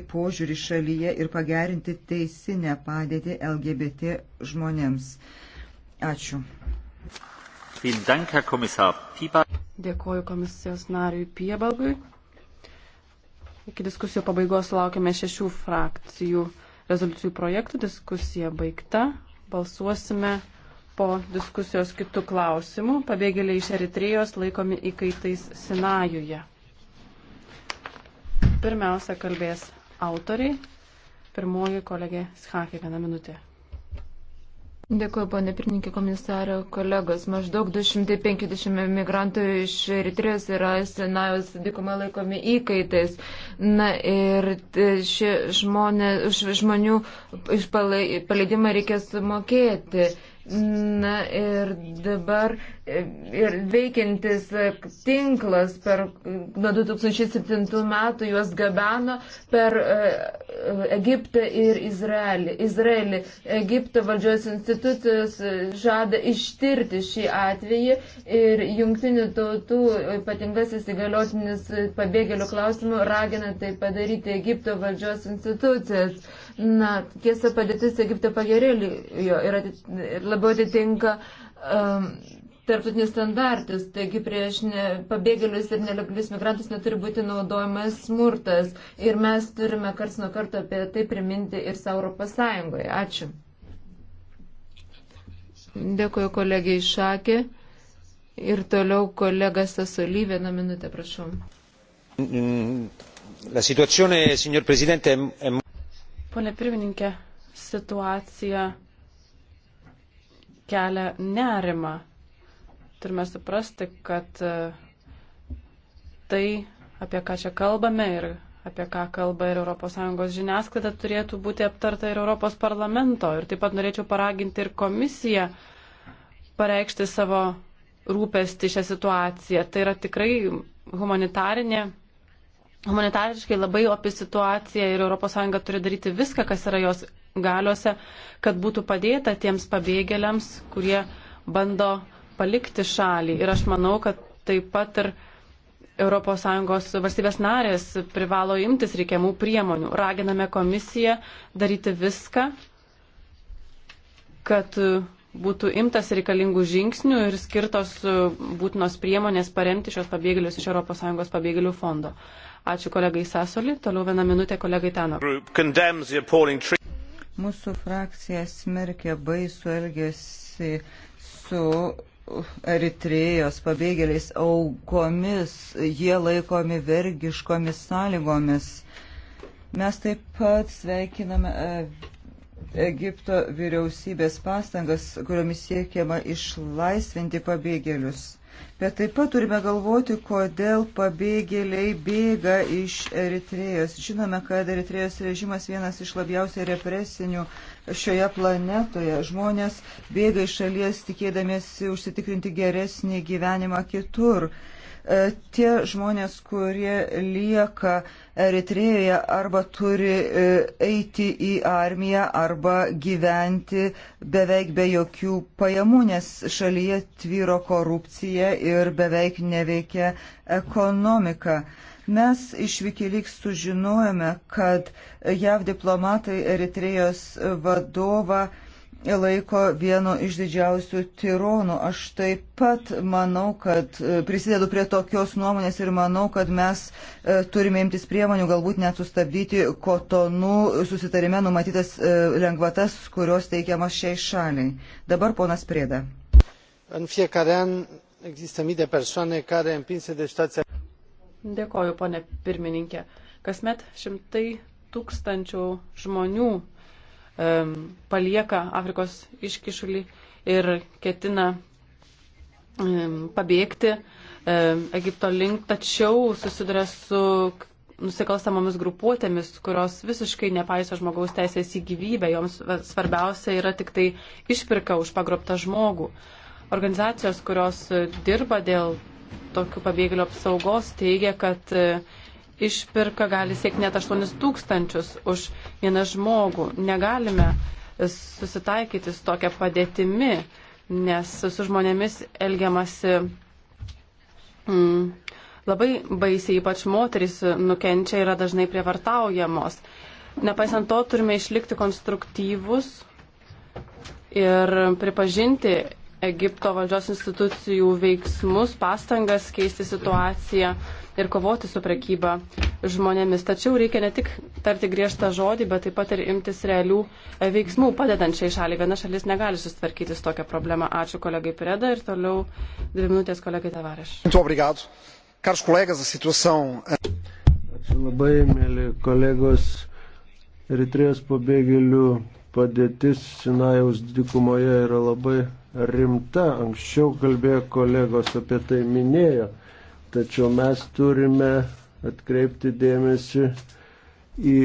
pakeisti požiūrį šalyje ir pagerinti teisinę padėtį LGBT žmonėms. Ačiū. Dėkuoju komisijos nariui Piebalgui. Iki diskusijų pabaigos laukiame šešių frakcijų rezoliucijų projektų. Diskusija baigta. Balsuosime po diskusijos kitų klausimų. Pabėgėliai iš Eritrijos laikomi įkaitais Sinajuje. Pirmiausia, kalbės autoriai. Pirmoji kolegė Schakė, vieną minutę. Dėkuoju, ponė pirmininkė komisarė, kolegos. Maždaug 250 migrantų iš Eritrijos yra Sinajos dykuma laikomi įkaitais. Na ir e, šie žmonė, žmonių iš paleidimą reikės sumokėti. Na ir dabar ir veikiantis tinklas per, nuo 2007 metų juos gabeno per e, Egiptą ir Izraelį. Izraelį Egipto valdžios institucijos žada ištirti šį atvejį ir jungtinių tautų ypatingasis įgaliotinis pabėgėlių klausimų ragina tai padaryti Egipto valdžios institucijas. Na, tiesa, padėtis Egipte pagerėjo ir, atit, ir labiau atitinka um, tarptautinius standartus, taigi prieš ne, pabėgėlius ir nelegalius migrantus neturi būti naudojamas smurtas. Ir mes turime kars nuo karto apie tai priminti ir savo Europos Sąjungoje. Ačiū. Dėkuoju kolegijai Šakė. Ir toliau kolega Sasoly, vieną minutę, prašau. La situazione, signor Presidente, è... Pone pirmininkė, situacija kelia nerimą. Turime suprasti, kad e, tai, apie ką čia kalbame ir apie ką kalba ir ES žiniasklaida, turėtų būti aptarta ir ES parlamento. Ir taip pat norėčiau paraginti ir komisiją pareikšti savo rūpestį šią situaciją. Tai yra tikrai humanitarinė humanitariškai labai opi situacija ir ES turi daryti viską, kas yra jos galiuose, kad būtų padėta tiems pabėgėliams, kurie bando palikti šalį. Ir aš manau, kad taip pat ir ES valstybės narės privalo imtis reikiamų priemonių. Raginame komisiją daryti viską, kad būtų imtas reikalingų žingsnių ir skirtos e, būtinos priemonės paremti šios pabėgėlius iš ES pabėgėlių fondo. Ačiū kolegai Sasoli. Toliau vieną minutę kolegai Tano. Mūsų frakcija smerkia baisų elgesį su Eritrėjos pabėgėliais aukomis. Jie laikomi vergiškomis sąlygomis. Mes taip pat sveikiname Egipto vyriausybės pastangas, kuriomis siekiama išlaisvinti pabėgėlius. Bet taip pat turime galvoti, kodėl pabėgėliai bėga iš Eritrėjos. Žinome, kad Eritrėjos režimas vienas iš labiausiai represinių šioje planetoje. Žmonės bėga iš šalies tikėdamiesi užsitikrinti geresnį gyvenimą kitur. E, tie žmonės, kurie lieka Eritrėjoje arba turi e, eiti į armiją arba gyventi beveik be jokių pajamų, nes šalyje tvyro korupcija ir beveik neveikia ekonomika. Mes iš Vikilyks sužinojome, kad jav diplomatai Eritrėjos vadovą laiko vieno iš didžiausių tyronų. Aš taip pat manau, kad e, prisidedu prie tokios nuomonės ir manau, kad mes e, turime imtis priemonių, galbūt net sustabdyti kotonų susitarime numatytas e, lengvatas, kurios teikiamas šiai šaliai. Dabar ponas Prėda. Dėkoju, ponė pirmininkė. Kasmet šimtai tūkstančių žmonių palieka Afrikos iškišulį ir ketina pabėgti Egipto link, tačiau susiduria su nusikalstamomis grupuotėmis, kurios visiškai nepaiso žmogaus teisės į gyvybę, joms svarbiausia yra tik tai išpirka už pagrobtą žmogų. Organizacijos, kurios dirba dėl tokių pabėgėlių apsaugos, teigia, kad išpirka gali siekti net 8 tūkstančius už vieną žmogų. Negalime susitaikyti su tokia padėtimi, nes su žmonėmis elgiamasi mm, labai baisiai, ypač moteris nukenčia yra dažnai prievartaujamos. Nepaisant to, turime išlikti konstruktyvus ir pripažinti Egipto valdžios institucijų veiksmus, pastangas keisti situaciją ir kovoti su prekyba žmonėmis. Tačiau reikia ne tik tarti griežtą žodį, bet taip pat ir imtis realių e, veiksmų padedant šiai šaliai. Viena šalis negali sustvarkyti su tokia problema. Ačiū kolegai Pireda ir toliau dvi minutės kolegai Tavareš. Eh, Ačiū labai, mėly kolegos. Eritrėjos pabėgėlių padėtis Sinajaus dykumoje yra labai rimta. Anksčiau kalbėjo kolegos apie tai minėjo. Tačiau mes turime atkreipti dėmesį į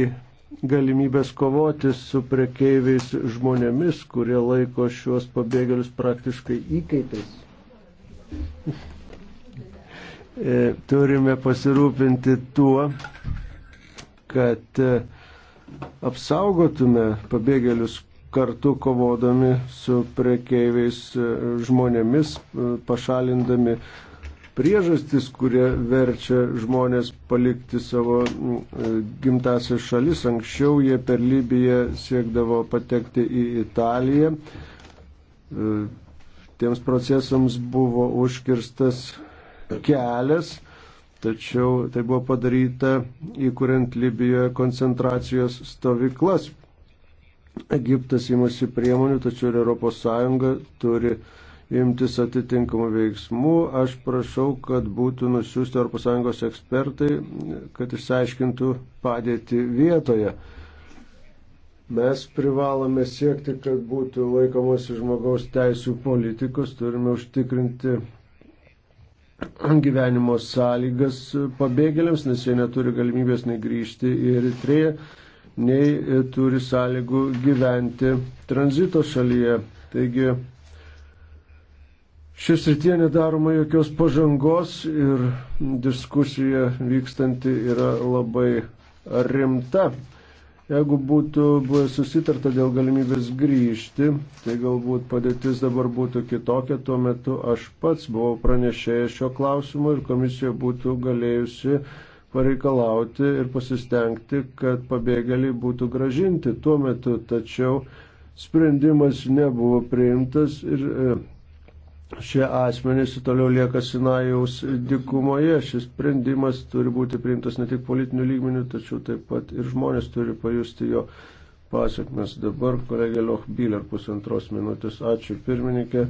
galimybės kovoti su prekeiviais žmonėmis, kurie laiko šiuos pabėgėlius praktiškai įkaitais. E, turime pasirūpinti tuo, kad e, apsaugotume pabėgėlius, kartu kovodami su prekeiviais e, žmonėmis, e, pašalindami priežastis, kurie verčia žmonės palikti savo e, gimtasias šalis. Anksčiau jie per Libiją siekdavo patekti į Italiją. Tiems procesams buvo užkirstas kelias, tačiau tai buvo padaryta įkuriant Libijoje koncentracijos stovyklas. Egiptas imasi priemonių, tačiau ir ES turi imtis atitinkamų veiksmų. Aš prašau, kad būtų nusiųsti ES ekspertai, kad išsiaiškintų padėti vietoje. Mes privalome siekti, kad būtų laikomasi žmogaus teisų politikos, turime užtikrinti gyvenimo sąlygas pabėgėliams, nes jie neturi galimybės negrįžti į Eritreją nei e, turi sąlygų gyventi tranzito šalyje. Taigi šis rytie nedaroma jokios pažangos ir diskusija vykstanti yra labai rimta. Jeigu būtų buvę susitarta dėl galimybės grįžti, tai galbūt padėtis dabar būtų kitokia. Tuo metu aš pats buvau pranešėjęs šio klausimo ir komisija būtų galėjusi uh, pareikalauti ir pasistengti, kad pabėgėliai būtų gražinti tuo metu, tačiau sprendimas nebuvo priimtas ir e, šie asmenys toliau lieka Sinajaus dikumoje. Šis sprendimas turi būti priimtas ne tik politiniu lygmeniu, tačiau taip pat ir žmonės turi pajusti jo pasiekmes. Dabar kolegė Lochbiler pusantros minutės. Ačiū pirmininkė.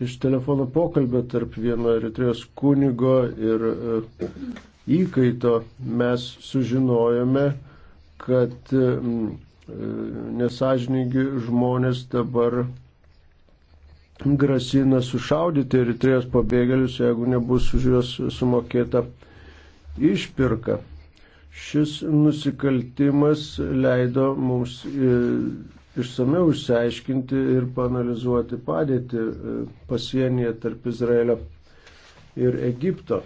iš telefono pokalbio tarp vieno Eritrejos kunigo ir e, įkaito mes sužinojome, kad e, e, nesažiningi žmonės dabar grasina sušaudyti Eritrejos pabėgėlius, jeigu nebus už juos sumokėta išpirka. Šis nusikaltimas leido mums išsameu išsiaiškinti ir panalizuoti padėtį e, pasienyje tarp Izraelio ir Egipto.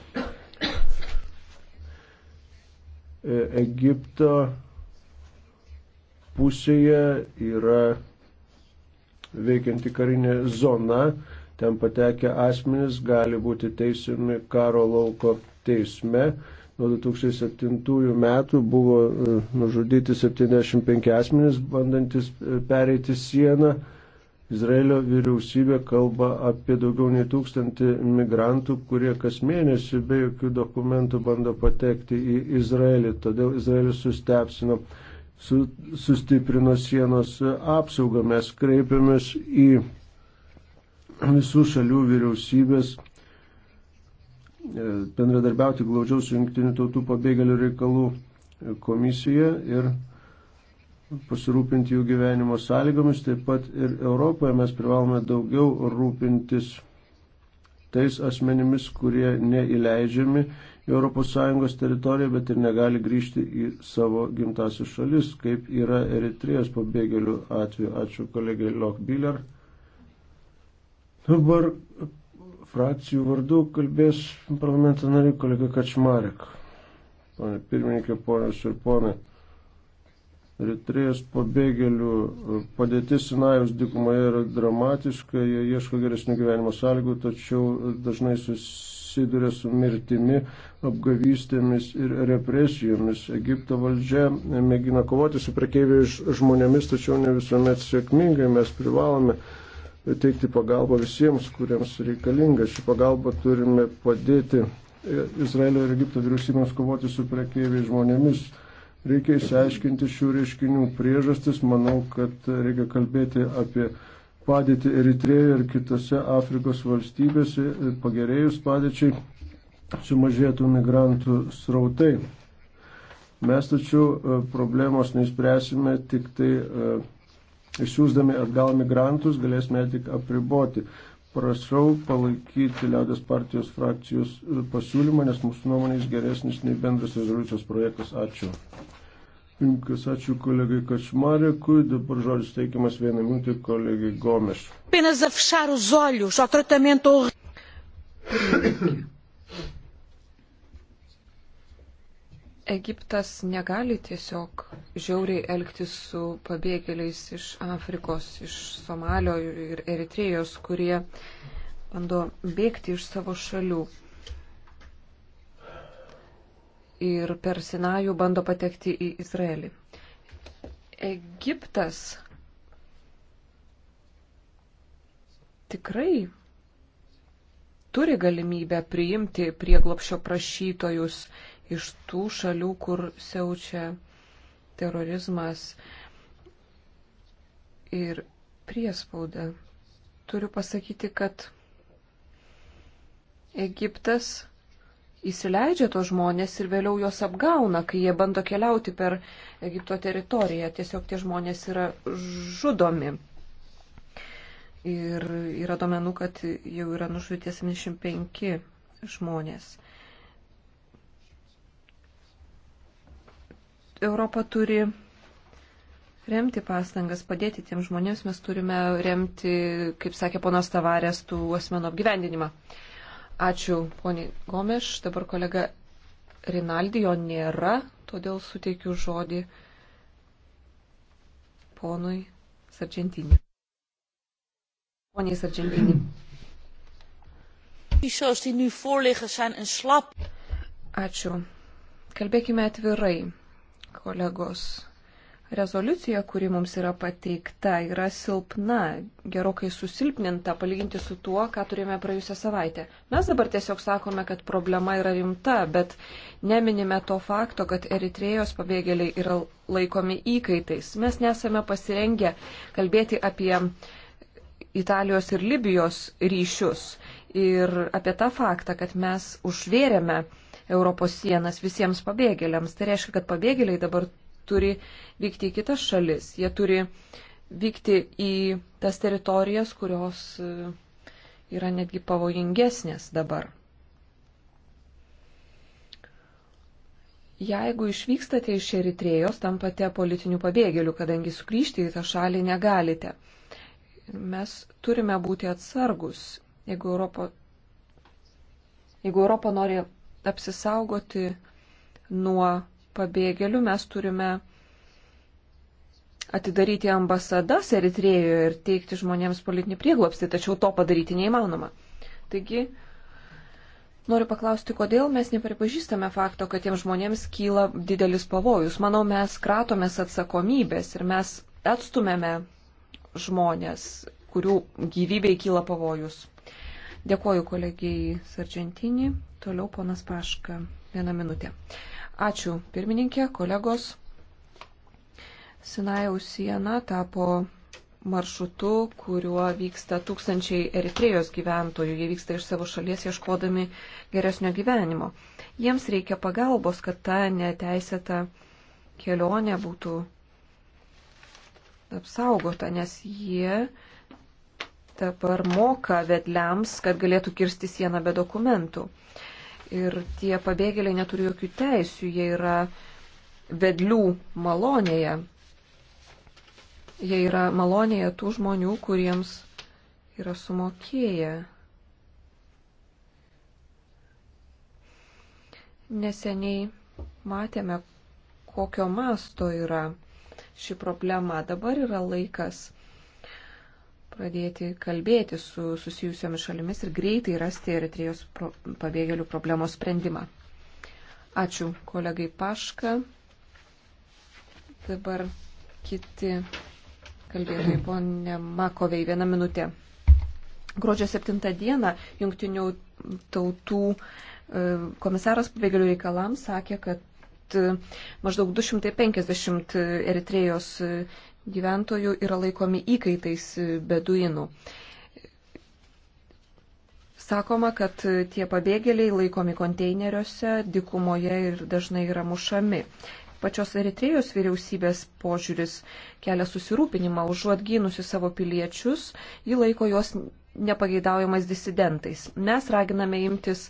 E, Egipto pusėje yra veikianti karinė zona, ten patekę asmenys gali būti teisiami karo lauko teisme Nuo 2007 metų buvo e, nužudyti 75 asmenys, bandantis e, pereiti sieną. Izraelio vyriausybė kalba apie daugiau nei tūkstantį migrantų, kurie kas mėnesį be jokių dokumentų bando patekti į Izraelį. Todėl Izraelis sustepsino, su, sustiprino sienos e, apsaugą. Mes kreipiamės į visų šalių vyriausybės E, bendradarbiauti glaudžiau su Junktinių tautų pabėgėlių reikalų komisija ir pasirūpinti jų gyvenimo sąlygomis, taip pat ir Europoje mes privalome daugiau rūpintis tais asmenimis, kurie neįleidžiami į ES teritoriją, bet ir negali grįžti į savo gimtasius šalis, kaip yra Eritrijos pabėgėlių atveju. Ačiū kolegai Lokbiller. Dabar frakcijų vardu kalbės parlamento nariai kolega Kačmarek. Pane pirmininkė, ponios ir ponai. Eritrėjos pabėgėlių padėtis Sinajaus dykumoje yra dramatiška, jie ieško geresnių gyvenimo sąlygų, tačiau dažnai susiduria su mirtimi, apgavystėmis ir represijomis. Egipto valdžia mėgina kovoti su prekeiviais žmonėmis, tačiau ne visuomet sėkmingai mes privalome teikti pagalbą visiems, kuriems reikalinga. Šį pagalbą turime padėti Izraelio ir Egipto vyriausybėms kovoti su prekeiviai žmonėmis. Reikia išsiaiškinti šių reiškinių priežastis. Manau, kad reikia kalbėti apie padėtį Eritrėje ir kitose Afrikos valstybėse. Pagerėjus padėčiai sumažėtų migrantų srautai. Mes tačiau e, problemos neįspręsime tik tai e, siūsdami atgal migrantus galėsime tik apriboti. Prašau palaikyti Liaudės partijos frakcijos pasiūlymą, nes mūsų nuomonė jis geresnis nei bendras rezoliucijos projektas. Ačiū. Pirmininkas, ačiū kolegai Kačmarekui. Dabar žodis teikiamas vieną minutę kolegai Gomeš. Pirmininkė, Egiptas negali tiesiog žiauriai elgtis su pabėgėliais iš Afrikos, iš Somalio ir Eritrėjos, kurie bando bėgti iš savo šalių ir per Sinajų bando patekti į Izraelį. Egiptas tikrai turi galimybę priimti prieglopšio prašytojus iš tų šalių, kur siaučia terorizmas ir priespauda. Turiu pasakyti, kad Egiptas įsileidžia tos žmonės ir vėliau juos apgauna, kai jie bando keliauti per Egipto teritoriją. Tiesiog tie žmonės yra žudomi. Ir yra domenų, kad jau yra nužudyti 75 žmonės. Europa turi remti pastangas, padėti tiem žmonėms, mes turime remti, kaip sakė ponas Tavarės, tų asmenų apgyvendinimą. Ačiū, poniai Gomeš, dabar kolega Rinaldi, jo nėra, todėl suteikiu žodį ponui Sargentinį. Poniai Sargentinį. Nu Ačiū. Kalbėkime atvirai kolegos. Rezoliucija, kuri mums yra pateikta, yra silpna, gerokai susilpninta palyginti su tuo, ką turėjome praėjusią savaitę. Mes dabar tiesiog sakome, kad problema yra rimta, bet neminime to fakto, kad Eritrėjos pabėgėliai yra laikomi įkaitais. Mes nesame pasirengę kalbėti apie Italijos ir Libijos ryšius ir apie tą faktą, kad mes užvėrėme Europos sienas visiems pabėgėliams. Tai reiškia, kad pabėgėliai dabar turi vykti į kitas šalis. Jie turi vykti į tas teritorijas, kurios e, yra netgi pavojingesnės dabar. Jeigu išvykstate iš Eritrėjos, tampate politinių pabėgėlių, kadangi sugrįžti į tą šalį negalite. Mes turime būti atsargus. Jeigu Europo, jeigu Europo nori apsisaugoti nuo pabėgėlių, mes turime atidaryti ambasadas Eritrėjoje ir teikti žmonėms politinį prieglopstį, tačiau to padaryti neįmanoma. Taigi, noriu paklausti, kodėl mes nepripažįstame fakto, kad tiems žmonėms kyla didelis pavojus. Manau, mes kratomės atsakomybės ir mes atstumėme žmonės, kurių gyvybei kyla pavojus. Dėkoju kolegijai Sargentinį. Toliau ponas Paška. Vieną minutę. Ačiū pirmininkė, kolegos. Sinajaus siena tapo maršrutu, kuriuo vyksta tūkstančiai Eritrejos gyventojų. Jie vyksta iš savo šalies ieškodami geresnio gyvenimo. Jiems reikia pagalbos, kad ta neteisėta kelionė būtų apsaugota, nes jie dabar moka vedliams, kad galėtų kirsti sieną be dokumentų. Ir tie pabėgėliai neturi jokių teisių, jie yra vedlių malonėje. Jie yra malonėje tų žmonių, kuriems yra sumokėję. Neseniai matėme, kokio masto yra ši problema. Dabar yra laikas pradėti kalbėti su susijusiomis šalimis ir greitai rasti Eritrejos pro, pabėgėlių problemos sprendimą. Ačiū kolegai Paška. Dabar kiti kalbėtojai, ponė Makovei, vieną minutę. Gruodžio 7 dieną jungtinių tautų e, komisaras pabėgėlių reikalams sakė, kad e, maždaug 250 Eritrejos e, gyventojų yra laikomi įkaitais beduinų. Sakoma, kad tie pabėgėliai laikomi konteineriuose, dikumoje ir dažnai yra mušami. Pačios Eritrėjos vyriausybės požiūris kelia susirūpinimą, užuot gynusi savo piliečius, ji laiko juos nepageidaujamais disidentais. Mes raginame imtis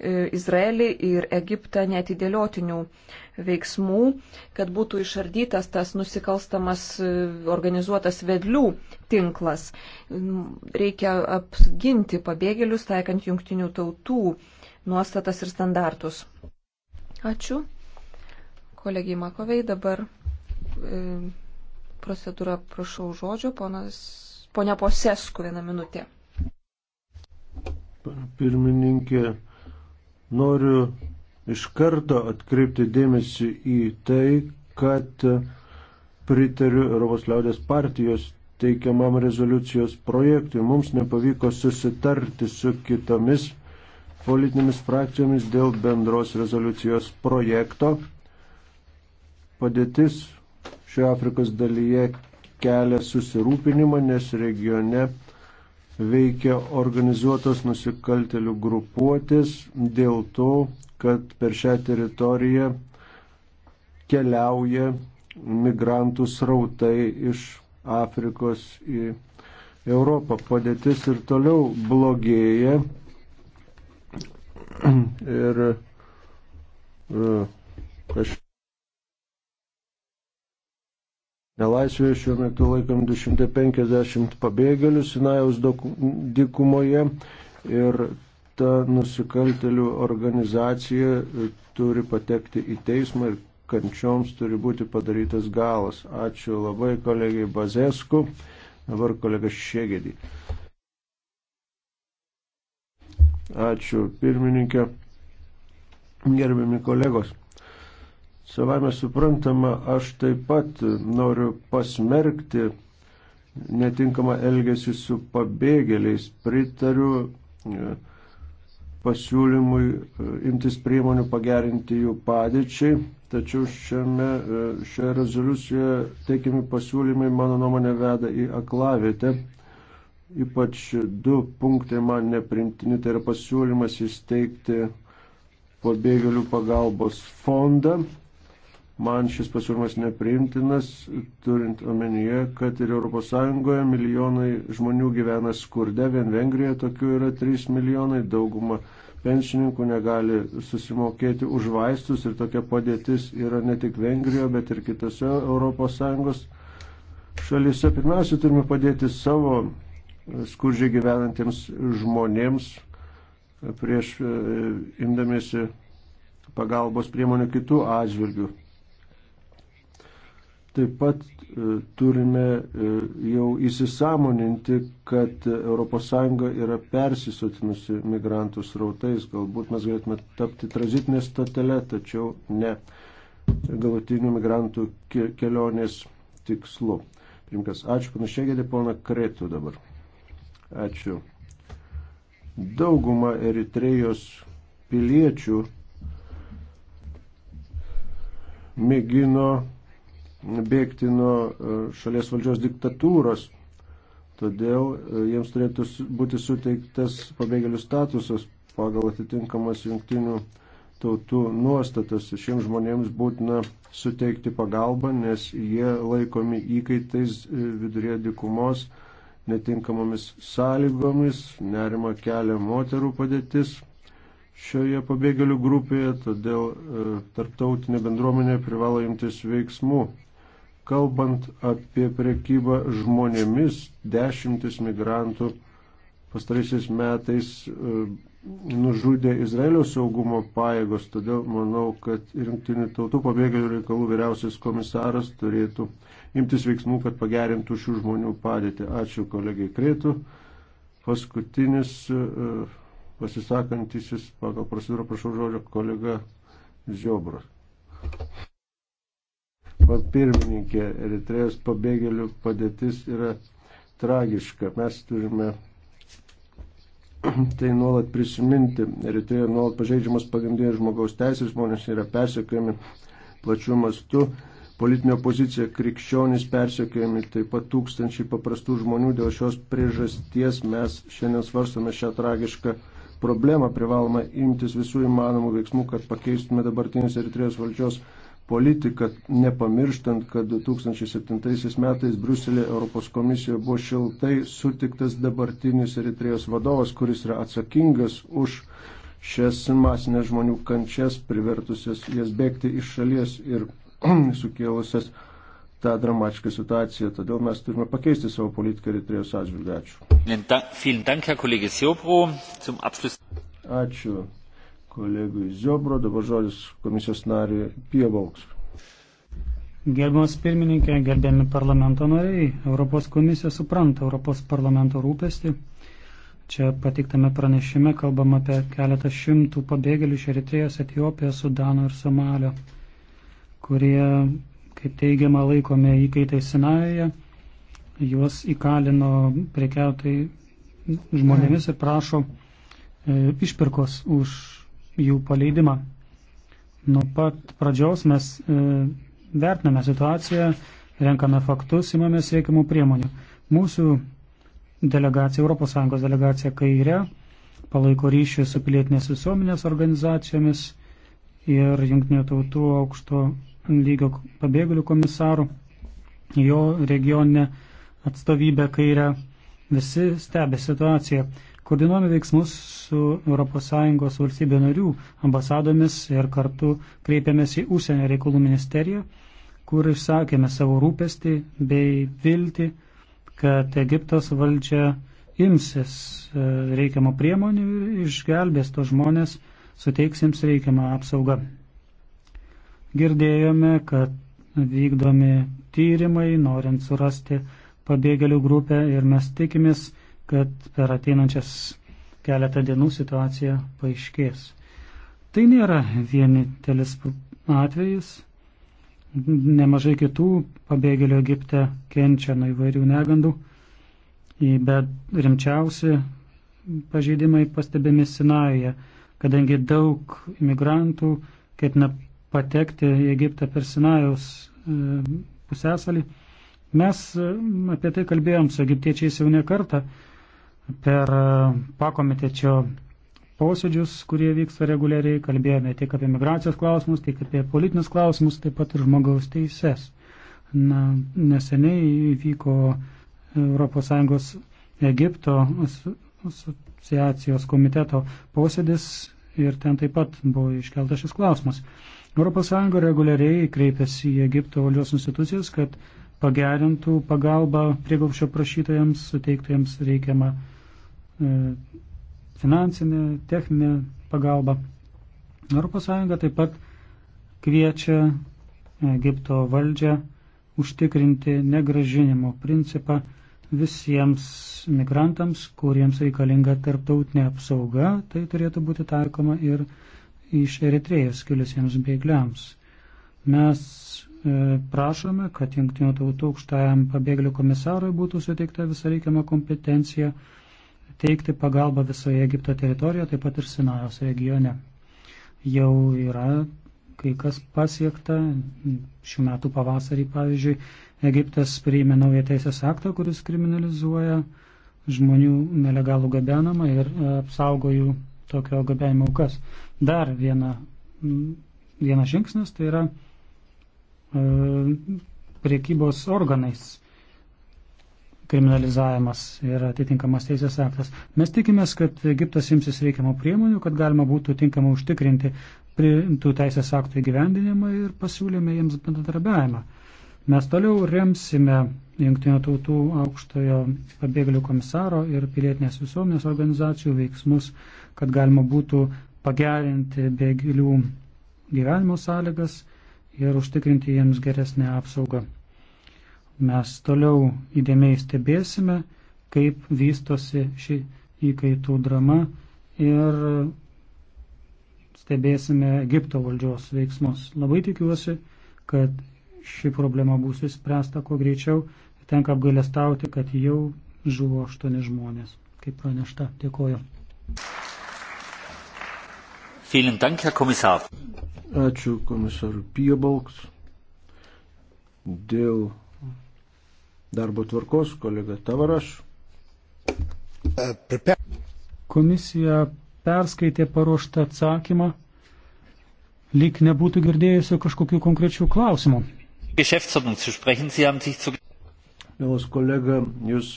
E, Izraelį ir Egiptą netidėliotinių veiksmų, kad būtų išardytas tas nusikalstamas e, organizuotas vedlių tinklas. Reikia apginti pabėgėlius, taikant jungtinių tautų nuostatas ir standartus. Ačiū. Kolegijai Makovei dabar e, procedūra prašau žodžio, ponas, ponia Posesku vieną minutę. Pirmininkė, Noriu iš karto atkreipti dėmesį į tai, kad pritariu Europos liaudės partijos teikiamam rezoliucijos projektui. Mums nepavyko susitarti su kitomis politinėmis frakcijomis dėl bendros rezoliucijos projekto. Padėtis šioje Afrikos dalyje kelia susirūpinimą, nes regione veikia organizuotos nusikaltelių grupuotės dėl to, kad per šią teritoriją keliauja migrantų srautai iš Afrikos į Europą. Padėtis ir toliau blogėja ir uh, aš Nelaisvėje šiuo metu laikom 250 pabėgėlių Sinajaus dykumoje ir ta nusikaltelių organizacija e, turi patekti į teismą ir kančioms turi būti padarytas galas. Ačiū labai kolegai Bazesku, dabar kolega Šegedį. Ačiū pirmininkė, gerbiami kolegos. Savame suprantama, aš taip pat noriu pasmerkti netinkamą elgesį su pabėgėliais. Pritariu e, pasiūlymui e, imtis priemonių pagerinti jų padėčiai, tačiau šiame, e, šioje rezoliucijoje teikiami pasiūlymai, mano nuomonė, veda į aklavietę. Ypač du punktai man neprimtini, tai yra pasiūlymas įsteigti pabėgėlių pagalbos fondą Man šis pasiūlymas nepriimtinas, turint omenyje, kad ir ES milijonai žmonių gyvena skurde, vien Vengrijoje tokių yra 3 milijonai, dauguma pensininkų negali susimokėti už vaistus ir tokia padėtis yra ne tik Vengrijoje, bet ir kitose ES šalyse. Pirmiausia, turime padėti savo skurdžiai gyvenantiems žmonėms prieš e, imdamėsi pagalbos priemonių kitų atžvilgių. Taip pat e, turime e, jau įsisamoninti, kad ES yra persisotinusi migrantų srautais. Galbūt mes galėtume tapti tranzitinė statelė, tačiau ne galutinių migrantų kelionės tikslu. Primkas, ačiū, panašiai gėdė pona Kretų dabar. Ačiū. Dauguma Eritrejos piliečių mėgino bėgti nuo e, šalies valdžios diktatūros. Todėl e, jiems turėtų būti suteiktas pabėgėlių statusas pagal atitinkamas jungtinių tautų nuostatas. Šiems žmonėms būtina suteikti pagalbą, nes jie laikomi įkaitais e, vidurie dikumos netinkamomis sąlygomis, nerima kelia moterų padėtis šioje pabėgėlių grupėje, todėl tarptautinė bendruomenė privalo imtis veiksmų Kalbant apie prekybą žmonėmis, dešimtis migrantų pastaraisiais metais e, nužudė Izraelio saugumo pajėgos, todėl manau, kad ir jungtinių tautų pabėgėlių reikalų vyriausias komisaras turėtų imtis veiksmų, kad pagerintų šių žmonių padėtį. Ačiū kolegai Kreitų. Paskutinis e, pasisakantisis pagal prasidūrą, prašau žodžio, kolega Žiobras pirmininkė, Eritrejos pabėgėlių padėtis yra tragiška. Mes turime tai nuolat prisiminti. Eritrėje nuolat pažeidžiamas pagrindinės žmogaus teisės, žmonės yra persekiojami plačiu mastu. Politinė opozicija krikščionys persekiojami, taip pat tūkstančiai paprastų žmonių. Dėl šios priežasties mes šiandien svarstame šią tragišką problemą. Privalome imtis visų įmanomų veiksmų, kad pakeistume dabartinės Eritrėjos valdžios politiką, nepamirštant, kad 2007 metais Bruselėje Europos komisijoje buvo šiltai sutiktas dabartinis Eritrejos vadovas, kuris yra atsakingas už šias masinės žmonių kančias, privertusias jas bėgti iš šalies ir sukėlusias tą dramatišką situaciją. Todėl mes turime pakeisti savo politiką Eritrejos atžvilgiu. Ačiū. Ačiū kolegui Ziobro, dabar žodis komisijos nariui Pievalks. Gerbiamas pirmininkė, gerbiami parlamento nariai, Europos komisija supranta Europos parlamento rūpestį. Čia patiktame pranešime kalbam apie keletą šimtų pabėgėlių iš Eritrėjos, Etijopijos, Sudano ir Somalio, kurie, kaip teigiama, laikome įkaitai Sinajoje. Juos įkalino prekiautai žmonėmis ir prašo e, išpirkos už jų paleidimą. Nuo pat pradžios mes e, vertiname situaciją, renkame faktus, imamės reikiamų priemonių. Mūsų delegacija, ES delegacija kairė, palaiko ryšį su pilietinės visuomenės organizacijomis ir Junktinių tautų aukšto lygio pabėgėlių komisarų, jo regioninė atstovybė kairė. Visi stebi situaciją. Koordinuojame veiksmus su ES valstybė narių ambasadomis ir kartu kreipiamės į Užsienio reikalų ministeriją, kur išsakėme savo rūpestį bei viltį, kad Egiptas valdžia imsis e, reikiamo priemonių ir išgelbės tos žmonės, suteiks jiems reikiamą apsaugą. Girdėjome, kad vykdomi tyrimai, norint surasti pabėgėlių grupę ir mes tikimės, kad per ateinančias keletą dienų situacija paaiškės. Tai nėra vienintelis atvejis. Nemažai kitų pabėgėlių Egipte kenčia nuo įvairių negandų, bet rimčiausi pažeidimai pastebimi Sinajoje, kadangi daug imigrantų ketina patekti į Egiptą per Sinajaus e, pusęsalį. Mes e, apie tai kalbėjom su egiptiečiais jau ne kartą Per e, pakomitečio posėdžius, kurie vyksta reguliariai, kalbėjome tiek apie migracijos klausimus, tiek apie politinius klausimus, taip pat ir žmogaus teises. Na, neseniai vyko ES Egipto asociacijos komiteto posėdis ir ten taip pat buvo iškeltas šis klausimas. ES reguliariai kreipiasi į Egipto valdžios institucijas, kad pagerintų pagalbą prieglopščio prašytojams, suteiktų jiems reikiamą E, finansinė, techninė pagalba. ES taip pat kviečia Egipto valdžią užtikrinti negražinimo principą visiems migrantams, kuriems reikalinga tarptautinė apsauga, tai turėtų būti taikoma ir iš Eritrėjos kilusiems bėgliams. Mes e, prašome, kad Junktinių tautų aukštajam pabėgėlių komisarui būtų suteikta visą reikiamą kompetenciją teikti pagalbą visoje Egipto teritorijoje, taip pat ir Sinajos regione. Jau yra kai kas pasiekta. Šių metų pavasarį, pavyzdžiui, Egiptas priėmė naują teisės aktą, kuris kriminalizuoja žmonių nelegalų gabenamą ir e, apsaugo jų tokio gabenimo aukas. Dar viena, vienas žingsnis tai yra e, priekybos organais kriminalizavimas ir atitinkamas teisės aktas. Mes tikimės, kad Egiptas imsis reikiamų priemonių, kad galima būtų tinkamai užtikrinti priimtų teisės aktų įgyvendinimą ir pasiūlėme jiems bendradarbiavimą. Mes toliau remsime Junktinių tautų aukštojo pabėgėlių komisaro ir pilietinės visuomenės organizacijų veiksmus, kad galima būtų pagerinti bėgėlių gyvenimo sąlygas ir užtikrinti jiems geresnę apsaugą. Mes toliau įdėmiai stebėsime, kaip vystosi ši įkaitų drama ir stebėsime Egipto valdžios veiksmus. Labai tikiuosi, kad ši problema bus įspręsta kuo greičiau. Tenka apgailestauti, kad jau žuvo aštuoni žmonės. Kaip pranešta, dėkoju. Ačiū komisarui Piebalks dėl darbo tvarkos, kolega Tavaraš. E, Komisija perskaitė paruoštą atsakymą, lyg nebūtų girdėjusi kažkokių konkrečių klausimų. Mielas kolega, jūs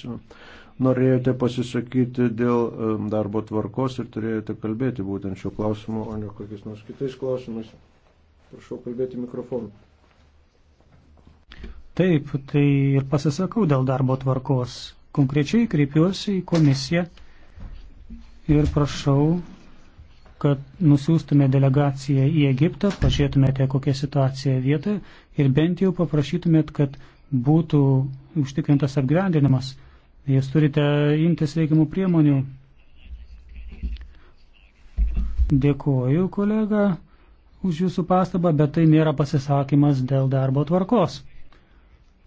norėjote pasisakyti dėl e, darbo tvarkos ir turėjote kalbėti būtent šiuo klausimu, o ne kokiais nors kitais klausimais. Prašau kalbėti mikrofonu. Taip, tai ir pasisakau dėl darbo tvarkos. Konkrečiai kreipiuosi į komisiją ir prašau, kad nusiųstume delegaciją į Egiptą, pažiūrėtumėte, kokia situacija vietoje ir bent jau paprašytumėt, kad būtų užtikrintas apgyvendinimas. Jūs turite imtis reikiamų priemonių. Dėkuoju, kolega, už jūsų pastabą, bet tai nėra pasisakymas dėl darbo tvarkos.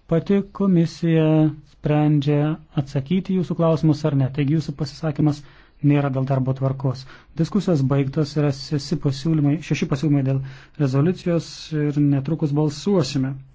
Pati komisija sprendžia atsakyti jūsų klausimus ar ne. Taigi jūsų pasisakymas nėra dėl darbo tvarkos. Diskusijos baigtos yra šeši pasiūlymai, šeši pasiūlymai dėl rezoliucijos ir netrukus balsuosime.